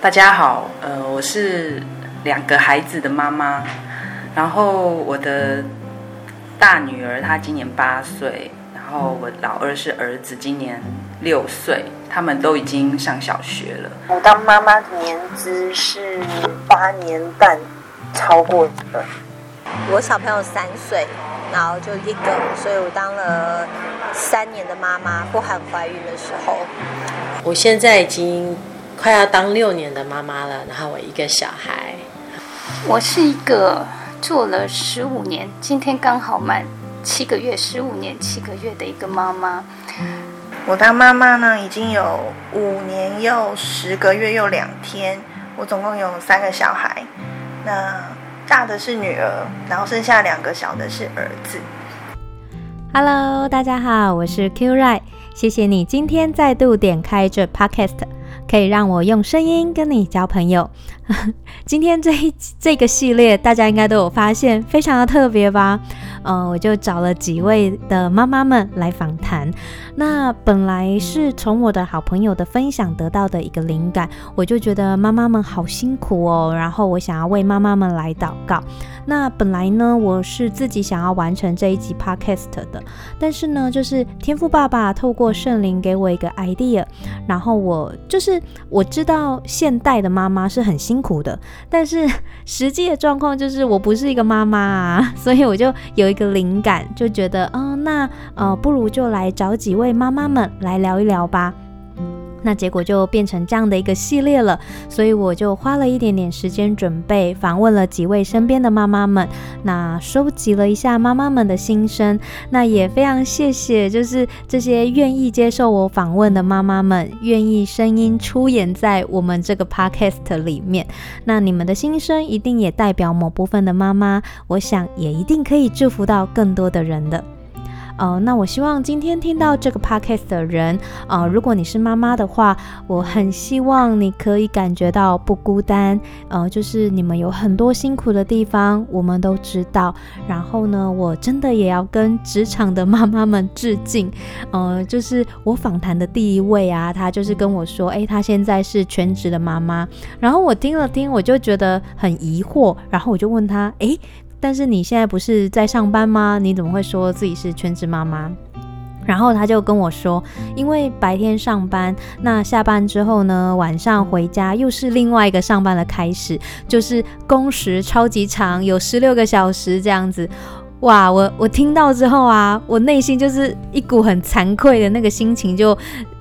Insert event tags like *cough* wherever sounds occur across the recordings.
大家好，呃，我是兩個孩子的媽媽，然後我的大女兒她今年八歲，然後我老二是兒子，今年六歲，他們都已經上小學了。我當媽媽的年資是八年半，超過了。我小朋友三歲，然後就一個，所以我當了三年的媽媽，不含懷孕的時候。我現在已經。快要當六年的媽媽了，然後我一個小孩。我是一個做了十五年，今天剛好滿七個月，十五年七個月的一個媽媽。我當媽媽呢已經有五年又十個月又兩天。我總共有三個小孩，那大的是女兒，然後剩下兩個小的是兒子。Hello，大家好，我是 Q Right，謝謝你今天再度點開這 Podcast。可以讓我用聲音跟你交朋友。今天這一這個系列，大家應該都有發現，非常的特別吧？嗯、呃，我就找了幾位的媽媽們來訪談。那本來是從我的好朋友的分享得到的一個靈感，我就覺得媽媽們好辛苦哦。然後我想要為媽媽們來禱告。那本來呢，我是自己想要完成這一集 podcast 的，但是呢，就是天父爸爸透過聖靈給我一個 idea，然後我就是我知道現代的媽媽是很辛苦的，但是實際的狀況就是我不是一個媽媽啊，所以我就有一個靈感，就覺得哦、呃，那呃，不如就來找幾位。媽媽們來聊一聊吧。嗯，那結果就變成這樣的一個系列了。所以我就花了一點點時間準備，訪問了幾位身邊的媽媽們，那收集了一下媽媽們的心聲。那也非常謝謝，就是這些願意接受我訪問的媽媽們，願意聲音出演在我們這個 podcast 裡面。那你們的心聲一定也代表某部分的媽媽，我想也一定可以祝福到更多的人的。呃，那我希望今天聽到這個 podcast 的人，呃，如果你是媽媽的話，我很希望你可以感覺到不孤單。呃，就是你們有很多辛苦的地方，我們都知道。然後呢，我真的也要跟職場的媽媽們致敬。嗯、呃，就是我訪談的第一位啊，他就是跟我說，誒，他現在是全職的媽媽。然後我聽了聽，我就覺得很疑惑。然後我就問他，誒……但是你現在不是在上班嗎？你怎麼會說自己是全職媽媽？然後他就跟我說，因為白天上班，那下班之後呢，晚上回家又是另外一個上班的開始，就是工時超級長，有十六個小時這樣子。哇，我我聽到之後啊，我內心就是一股很慚愧的那個心情就。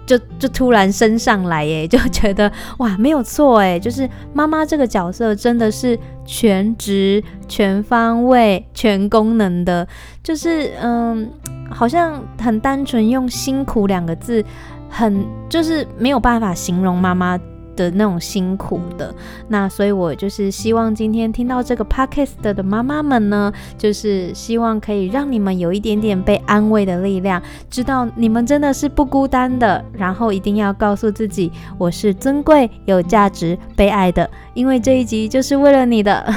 就就突然升上來耶，就覺得哇，沒有錯欸，就是媽媽這個角色真的是全職、全方位、全功能的，就是嗯，好像很單純用辛苦兩個字，很就是沒有辦法形容媽媽，的那種辛苦的。那所以，我就是希望今天聽到這個 podcast 的媽媽們呢，就是希望可以讓你們有一點點被安慰的力量，知道你們真的是不孤單的，然後一定要告訴自己，我是尊貴、有價值、被愛的，因為這一集就是為了你的。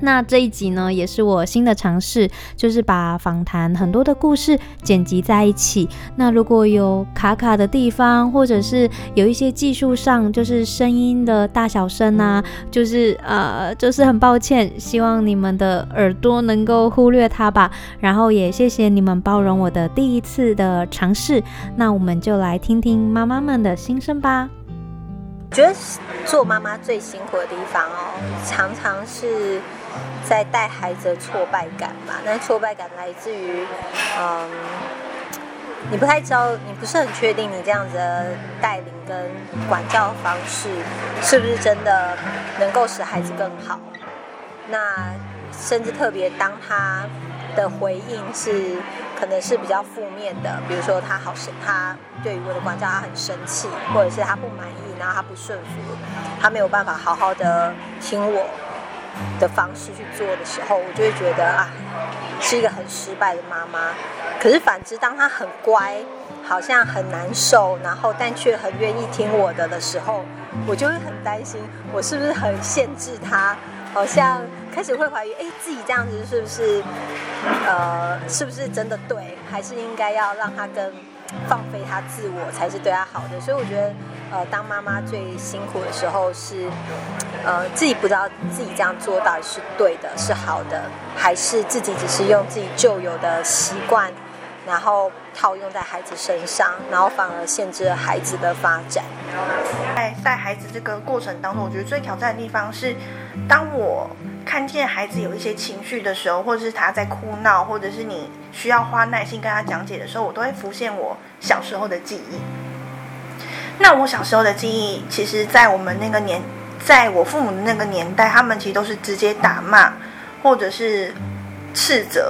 那這一集呢，也是我新的嘗試，就是把訪談很多的故事剪輯在一起。那如果有卡卡的地方，或者是有一些技術上，就是聲音的大小聲啊，就是呃，就是很抱歉，希望你們的耳朵能夠忽略它吧。然後也謝謝你們包容我的第一次的嘗試。那我們就來聽聽媽媽們的心聲吧。覺得做媽媽最辛苦的地方哦，常常是。在帶孩子的挫敗感吧，那挫敗感來自於，嗯，你不太知道，你不是很確定你這樣子的帶領跟管教方式是不是真的能夠使孩子更好？那甚至特別當他的回應是可能是比較負面的，比如說他好生，他對於我的管教他很生氣，或者是他不滿意，然後他不順服，他沒有辦法好好的聽我，的方式去做的時候，我就會覺得啊，是一個很失敗的媽媽。可是反之，當她很乖，好像很難受，然後但卻很願意聽我的的時候，我就會很擔心，我是不是很限制她？好像開始會懷疑，欸，自己這樣子是不是，呃，是不是真的對？還是應該要讓她跟？放飛他自我才是對他好的，所以我覺得，呃，當媽媽最辛苦的時候是，呃，自己不知道自己這樣做到底是對的、是好的，還是自己只是用自己舊有的習慣，然後套用在孩子身上，然後反而限制了孩子的發展。在帶，帶孩子這個過程當中，我覺得最挑戰的地方是，當我看見孩子有一些情緒的時候，或者是他在哭鬧，或者是你需要花耐心跟他講解的時候，我都會浮現我小時候的記憶。那我小時候的記憶，其實，在我們那個年，在我父母的那個年代，他們其實都是直接打罵，或者是斥責。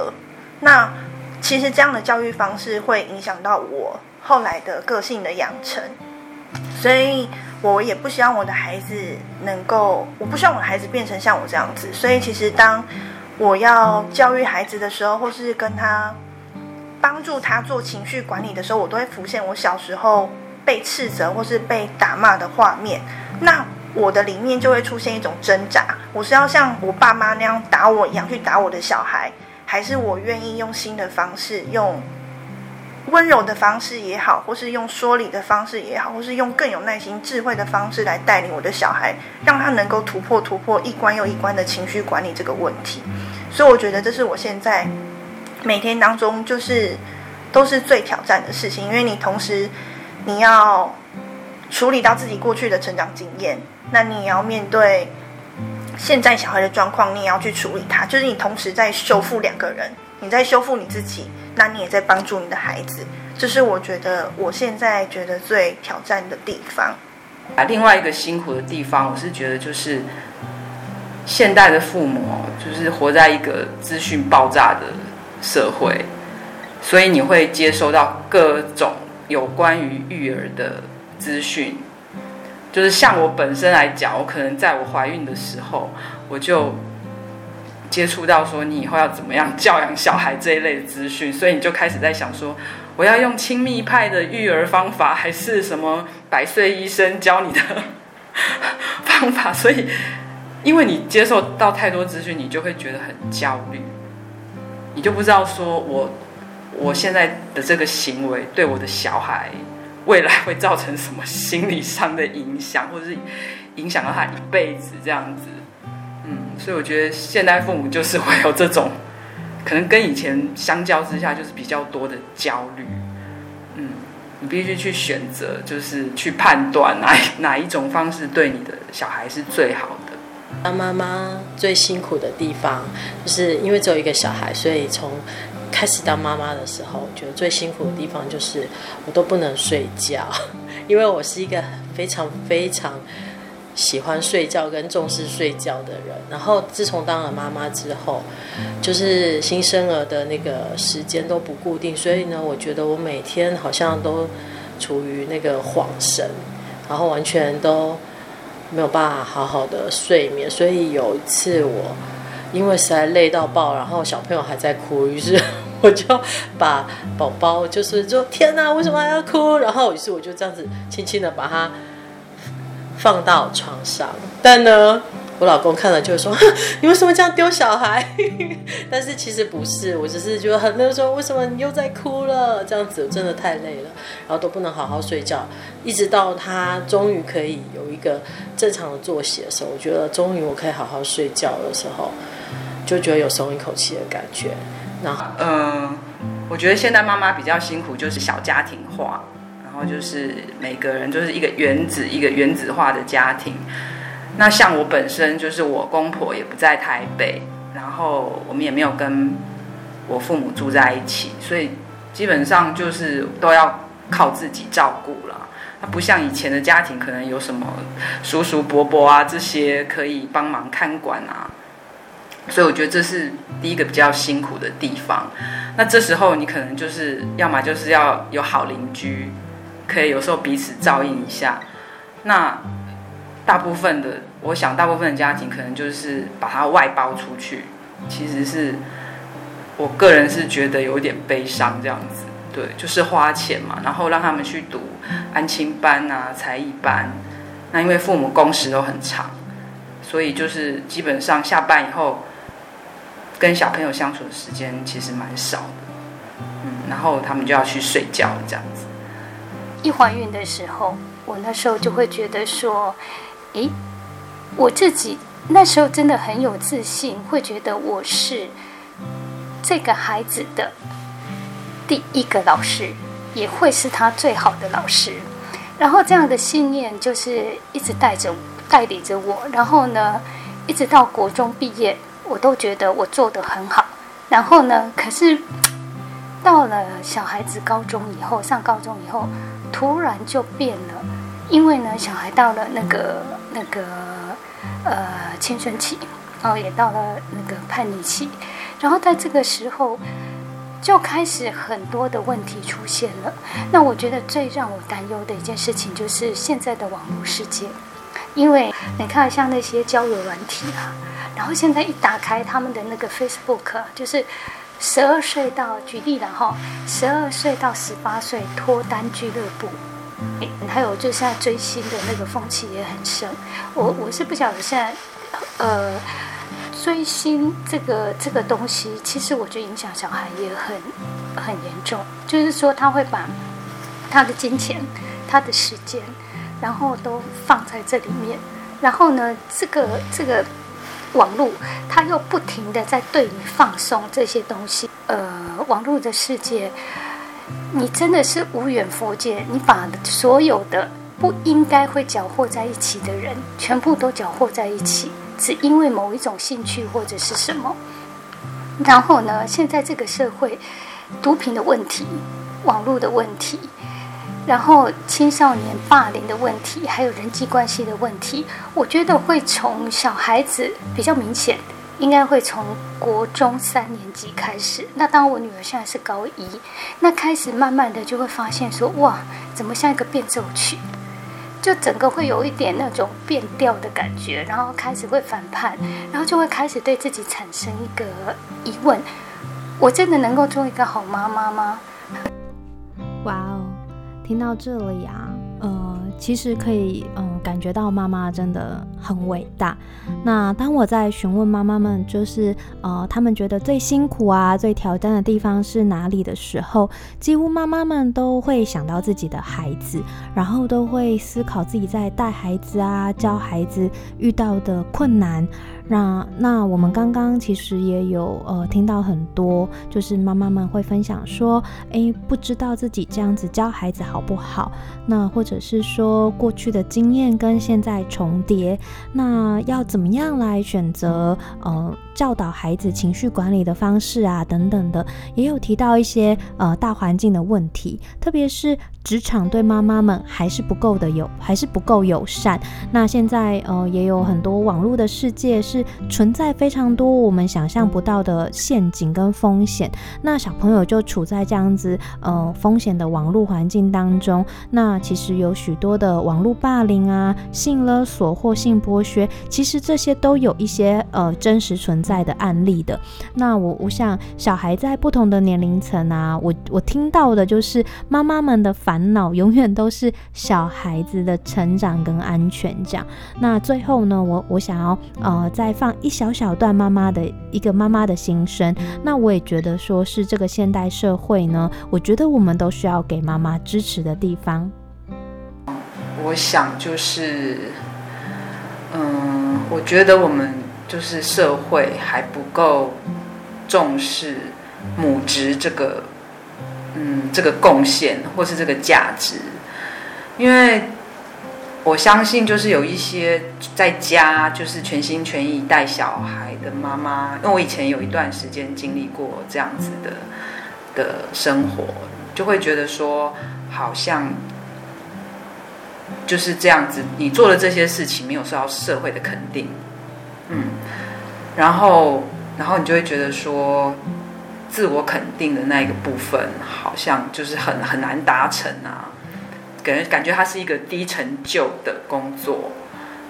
那其實這樣的教育方式，會影響到我後來的個性的養成。所以，我也不希望我的孩子能夠，我不希望我的孩子變成像我這樣子。所以，其實當我要教育孩子的時候，或是跟他幫助他做情緒管理的時候，我都會浮現我小時候被斥責或是被打罵的畫面。那我的裡面就會出現一種掙扎，我是要像我爸媽那樣打我一樣去打我的小孩，還是我願意用新的方式用，溫柔的方式也好，或是用說理的方式也好，或是用更有耐心、智慧的方式來帶領我的小孩，讓他能夠突破、突破一關又一關的情緒管理這個問題。所以，我覺得這是我現在每天當中就是都是最挑戰的事情。因為你同時你要處理到自己過去的成長經驗，那你也要面對現在小孩的狀況，你也要去處理他。就是你同時在修復兩個人，你在修復你自己。那你也在幫助你的孩子，這是我覺得我現在覺得最挑戰的地方。啊，另外一個辛苦的地方，我是覺得就是現代的父母就是活在一個資訊爆炸的社會，所以你會接收到各種有關於育兒的資訊。就是像我本身來講，我可能在我懷孕的時候，我就，接觸到說你以後要怎麼樣教養小孩這一類的資訊，所以你就開始在想說，我要用親密派的育兒方法，還是什麼百歲醫生教你的方法？所以，因為你接受到太多資訊，你就會覺得很焦慮，你就不知道說我我現在的這個行為對我的小孩未來會造成什麼心理上的影響，或者是影響到他一輩子這樣子。嗯，所以我覺得現代父母就是會有這種，可能跟以前相較之下就是比較多的焦慮。嗯，你必須去選擇，就是去判斷哪一哪一種方式對你的小孩是最好的。當媽，媽媽最辛苦的地方，就是因為只有一個小孩，所以從開始當媽媽的時候，覺得最辛苦的地方就是我都不能睡覺，因為我是一個非常非常。喜歡睡覺跟重視睡覺的人，然後自從當了媽媽之後，就是新生兒的那個時間都不固定，所以呢，我覺得我每天好像都處於那個恍神，然後完全都沒有辦法好好的睡眠。所以有一次我因為實在累到爆，然後小朋友還在哭，於是我就把寶寶就是說天哪、啊，為什麼還要哭？然後於是我就這樣子輕輕的把他。放到床上，但呢，我老公看了就說：“你為什麼這樣丟小孩？” *laughs* 但是其實不是，我只是覺得很累就說為什麼你又在哭了？這樣子我真的太累了，然後都不能好好睡覺。一直到他終於可以有一個正常的作息的時候，我覺得終於我可以好好睡覺的時候，就覺得有鬆一口氣的感覺。然後，嗯、呃，我覺得現代媽媽比較辛苦，就是小家庭化。然後就是每個人就是一個原子，一個原子化的家庭。那像我本身，就是我公婆也不在台北，然後我們也沒有跟我父母住在一起，所以基本上就是都要靠自己照顧了。不像以前的家庭，可能有什麼叔叔伯伯啊這些可以幫忙看管啊。所以我覺得這是第一個比較辛苦的地方。那這時候你可能就是，要麼就是要有好鄰居。可以有時候彼此照應一下，那大部分的，我想大部分的家庭可能就是把它外包出去。其實是我個人是覺得有點悲傷這樣子，對，就是花錢嘛，然後讓他們去讀安親班啊、才藝班。那因為父母工時都很長，所以就是基本上下班以後跟小朋友相處的時間其實蠻少的，嗯，然後他們就要去睡覺這樣子。一懷孕的時候，我那時候就會覺得說：“誒，我自己那時候真的很有自信，會覺得我是這個孩子的第一個老師，也會是他最好的老師。”然後這樣的信念就是一直帶着、帶領着我。然後呢，一直到國中畢業，我都覺得我做得很好。然後呢，可是到了小孩子高中以後，上高中以後。突然就變了，因為呢，小孩到了那個那個呃青春期，然後也到了那個叛逆期，然後在這個時候就開始很多的問題出現了。那我覺得最讓我擔憂的一件事情就是現在的網絡世界，因為你看像那些交友軟體啊，然後現在一打開他們的那個 Facebook 啊，就是。十二歲到，舉例，然後十二歲到十八歲脫單俱樂部，誒，還有就現在追星的那個風氣也很盛。我我是不曉得現在，呃，追星這個這個東西，其實我覺得影響小孩也很很嚴重。就是說他會把他的金錢、他的時間，然後都放在這裡面。然後呢，這個這個。網絡，他又不停的在對你放送這些東西。呃，網絡的世界，你真的是無遠弗屆，你把所有的不應該會攪和在一起的人，全部都攪和在一起，只因為某一種興趣或者是什麼。然後呢，現在這個社會，毒品的問題，網絡的問題。然後青少年霸凌的問題，還有人際關係的問題，我覺得會從小孩子比較明顯，應該會從國中三年級開始。那當我女兒現在是高一，那開始慢慢的就會發現說，哇，怎麼像一個變奏曲，就整個會有一點那種變調的感覺，然後開始會反叛，然後就會開始對自己產生一個疑問：我真的能夠做一個好媽媽嗎？哇哦！聽到這裡啊，呃。其實可以，嗯、呃，感覺到媽媽真的很偉大。那當我在詢問媽媽們，就是，呃，他們覺得最辛苦啊、最挑戰的地方是哪裡的時候，幾乎媽媽們都會想到自己的孩子，然後都會思考自己在帶孩子啊、教孩子遇到的困難。那那我們剛剛其實也有，呃，聽到很多，就是媽媽們會分享說，哎，不知道自己這樣子教孩子好不好，那或者是說。過去的經驗跟現在重疊，那要怎麼樣來選擇？嗯、呃。教導孩子情緒管理的方式啊，等等的，也有提到一些呃大環境的問題，特別是職場對媽媽們還是不夠的有，還是不夠友善。那現在呃也有很多網絡的世界是存在非常多我們想象不到的陷阱跟風險。那小朋友就處在這樣子呃風險的網絡環境當中，那其實有許多的網絡霸凌啊、性勒索或性剝削，其實這些都有一些呃真實存在在的案例的。那我我想小孩在不同的年齡層啊，我我聽到的就是媽媽們的煩惱永遠都是小孩子的成長跟安全這樣。那最後呢，我我想要呃再放一小小段媽媽的一個媽媽的心聲。那我也覺得說是這個現代社會呢，我覺得我們都需要給媽媽支持的地方。我想就是，嗯、呃，我覺得我們。就是社會還不夠重視母職這個，嗯，這個貢獻或是這個價值，因為我相信，就是有一些在家就是全心全意帶小孩的媽媽，因為我以前有一段時間經歷過這樣子的的生活，就會覺得說好像就是這樣子，你做了這些事情，沒有受到社會的肯定。然後，然後你就會覺得說，自我肯定的那一個部分，好像就是很很難達成啊，給人感覺它是一個低成就的工作，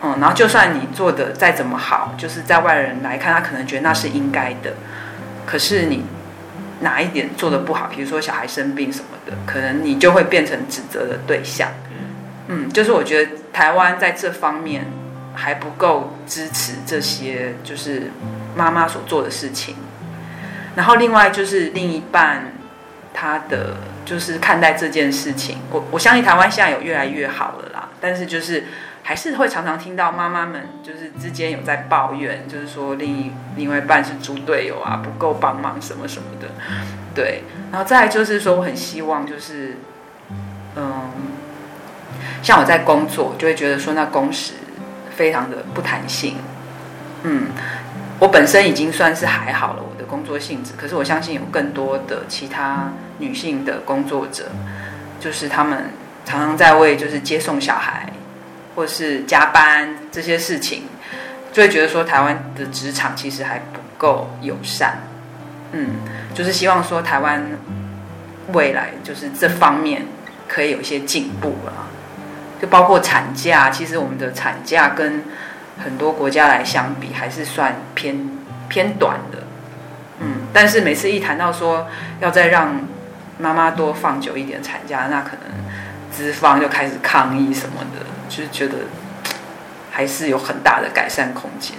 嗯，然後就算你做的再怎麼好，就是在外人來看，他可能覺得那是應該的，可是你哪一點做的不好，比如說小孩生病什麼的，可能你就會變成指責的對象，嗯，就是我覺得台灣在這方面。還不夠支持這些，就是媽媽所做的事情。然後另外就是另一半他的就是看待這件事情我，我我相信台灣現在有越來越好了啦。但是就是還是會常常聽到媽媽們就是之間有在抱怨，就是說另一另外一半是豬隊友啊，不夠幫忙什麼什麼的。對，然後再來就是說我很希望就是嗯，像我在工作就會覺得說那工時。非常的不彈性，嗯，我本身已經算是還好了，我的工作性質，可是我相信有更多的其他女性的工作者，就是他們常常在為就是接送小孩或是加班這些事情，就會覺得說台灣的職場其實還不夠友善，嗯，就是希望說台灣未來就是這方面可以有一些進步了。就包括產假，其實我們的產假跟很多國家來相比，還是算偏偏短的。嗯，但是每次一談到說要再讓媽媽多放久一點產假，那可能資方就開始抗議什麼的，就覺得還是有很大的改善空間。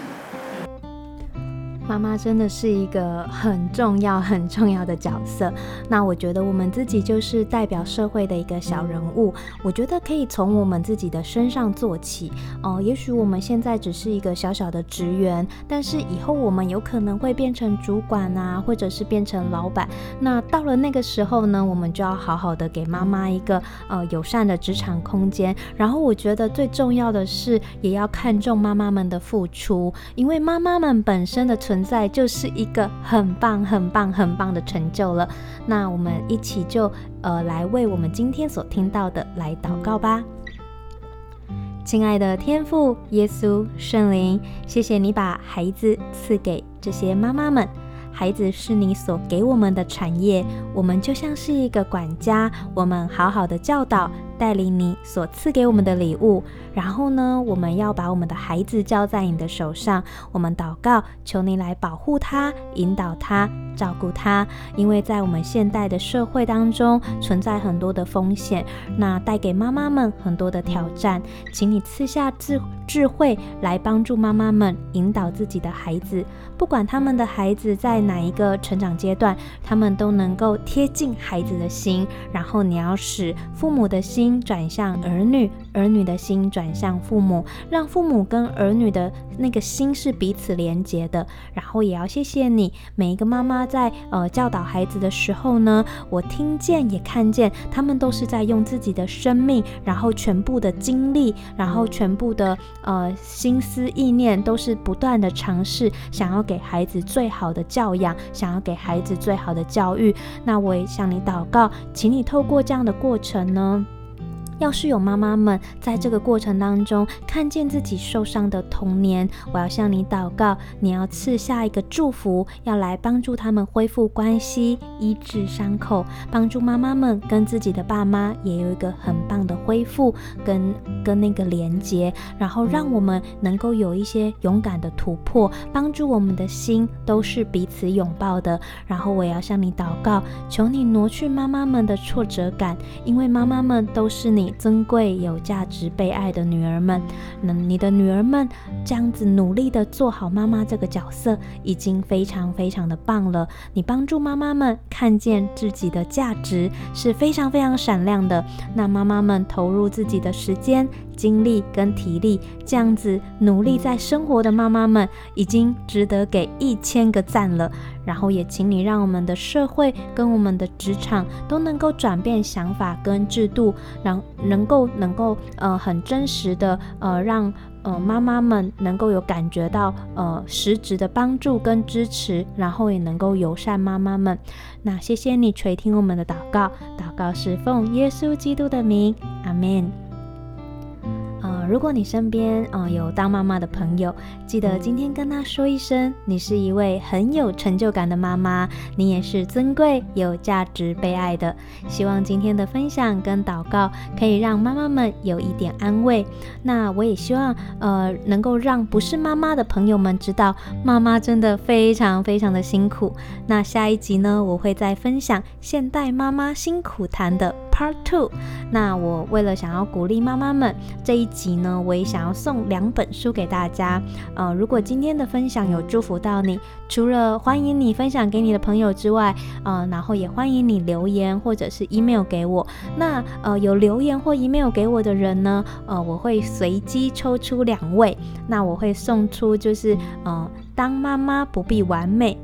媽媽真的是一個很重要、很重要的角色。那我覺得我們自己就是代表社會的一個小人物。我覺得可以從我們自己的身上做起哦、呃。也許我們現在只是一個小小的職員，但是以後我們有可能會變成主管啊，或者是變成老板。那到了那個時候呢，我們就要好好的給媽媽一個呃友善的職場空間。然後我覺得最重要的是，也要看重媽媽們的付出，因為媽媽們本身的存在存在就是一個很棒、很棒、很棒的成就了。那我們一起就呃來為我們今天所聽到的來禱告吧。親愛的天父耶穌聖靈，謝謝你把孩子賜給這些媽媽們，孩子是你所給我們的產業，我們就像是一個管家，我們好好的教導。帶領你所賜給我們的禮物，然後呢，我們要把我們的孩子交在你的手上。我們禱告，求你來保護他、引導他、照顧他。因為在我們現代的社會當中，存在很多的風險，那帶給媽媽們很多的挑戰。請你賜下智智慧來幫助媽媽們引導自己的孩子，不管他們的孩子在哪一個成長階段，他們都能夠貼近孩子的心。然後你要使父母的心。心轉向兒女，兒女的心轉向父母，讓父母跟兒女的那個心是彼此連接的。然後也要謝謝你，每一個媽媽在呃教導孩子的時候呢，我聽見也看見，他們都是在用自己的生命，然後全部的精力，然後全部的呃心思意念，都是不斷的嘗試，想要給孩子最好的教養，想要給孩子最好的教育。那我也向你禱告，請你透過這樣的過程呢。要是有媽媽們在這個過程當中看見自己受傷的童年，我要向你禱告，你要賜下一個祝福，要來幫助他們恢復關係，醫治傷口，幫助媽媽們跟自己的爸媽也有一個很棒的恢復跟跟那個連接，然後讓我們能夠有一些勇敢的突破，幫助我們的心都是彼此擁抱的。然後我也要向你禱告，求你挪去媽媽們的挫折感，因為媽媽們都是你。珍貴、有價值、被愛的女兒們，那你的女兒們這樣子努力的做好媽媽這個角色，已經非常非常的棒了。你幫助媽媽們看見自己的價值，是非常非常閃亮的。那媽媽們投入自己的時間。精力跟體力這樣子努力在生活的媽媽們，已經值得給一千個讚了。然後也請你讓我們的社會跟我們的職場都能夠轉變想法跟制度，讓能夠能夠呃很真實的呃讓呃媽媽們能夠有感覺到呃實質的幫助跟支持，然後也能夠友善媽媽們。那謝謝你垂聽我們的禱告，禱告是奉耶穌基督的名，阿門。如果你身邊啊、呃、有當媽媽的朋友，記得今天跟她說一聲，你是一位很有成就感的媽媽，你也是尊貴、有價值、被愛的。希望今天的分享跟禱告可以讓媽媽們有一點安慰。那我也希望呃能夠讓不是媽媽的朋友們知道，媽媽真的非常非常的辛苦。那下一集呢，我會再分享現代媽媽辛苦談的。Part Two，那我為了想要鼓勵媽媽們，這一集呢，我也想要送兩本書給大家。呃，如果今天的分享有祝福到你，除了歡迎你分享給你的朋友之外，呃，然後也歡迎你留言或者是 email 給我。那呃，有留言或 email 給我的人呢，呃，我會隨機抽出兩位，那我會送出就是呃，當媽媽不必完美。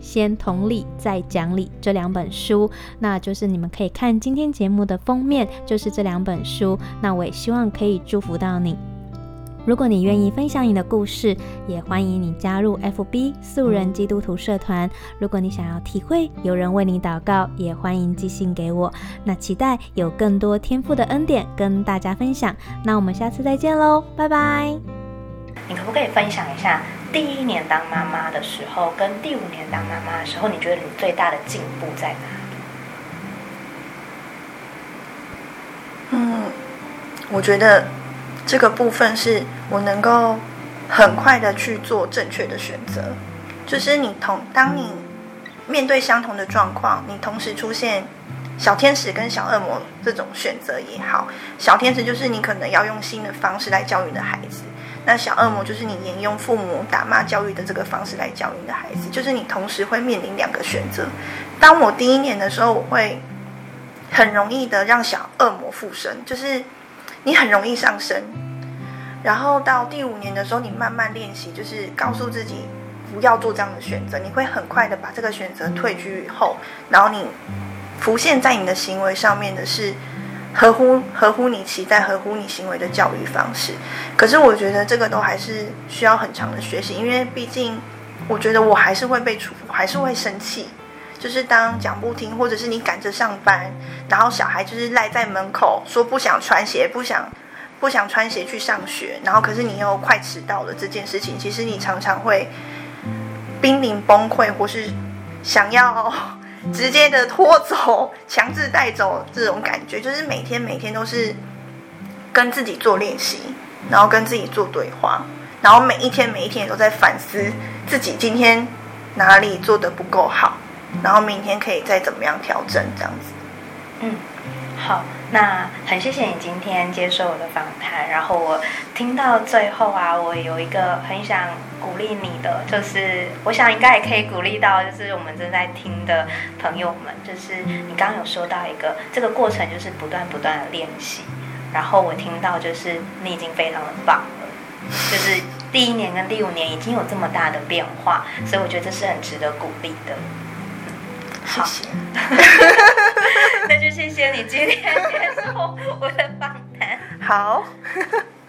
先同理，再講理這兩本書，那就是你們可以看今天節目的封面，就是這兩本書。那我也希望可以祝福到你。如果你願意分享你的故事，也歡迎你加入 FB 素人基督徒社團。如果你想要體會有人為你禱告，也歡迎寄信給我。那期待有更多天父的恩典跟大家分享。那我們下次再見嘍，拜拜。你可不可以分享一下，第一年當媽媽的時候，跟第五年當媽媽的時候，你覺得你最大的進步在哪裡？嗯，我覺得這個部分是我能夠很快的去做正確的選擇，就是你同當你面對相同的狀況，你同時出現小天使跟小惡魔這種選擇也好，小天使就是你可能要用新的方式來教育你的孩子。那小惡魔就是你沿用父母打罵教育的這個方式來教育你的孩子，就是你同時會面臨兩個選擇。當我第一年的時候，我會很容易的讓小惡魔附身，就是你很容易上身。然後到第五年的時候，你慢慢練習，就是告訴自己不要做這樣的選擇，你會很快的把這個選擇退居以後，然後你浮現在你的行為上面的是。合乎合乎你期待，合乎你行為的教育方式，可是我覺得這個都還是需要很長的學習，因為畢竟我覺得我還是會被處，還是會生氣。就是當講不聽，或者是你趕着上班，然後小孩就是賴在門口說不想穿鞋、不想不想穿鞋去上學，然後可是你又快遲到了這件事情，其實你常常會瀕臨崩潰，或是想要。直接的拖走、強制帶走這種感覺，就是每天每天都是跟自己做練習，然後跟自己做對話，然後每一天每一天都在反思自己今天哪裡做得不夠好，然後明天可以再怎麼樣調整這樣子。嗯，好。那很謝謝你今天接受我的訪談，然後我聽到最後啊，我有一個很想鼓勵你的，就是我想應該也可以鼓勵到，就是我們正在聽的朋友們，就是你剛剛有說到一個，這個過程就是不斷不斷的練習，然後我聽到就是你已經非常的棒了，就是第一年跟第五年已經有這麼大的變化，所以我覺得這是很值得鼓勵的，好。謝謝。 *laughs* *laughs* 那就謝謝你今天接受我的訪談。好。 *laughs*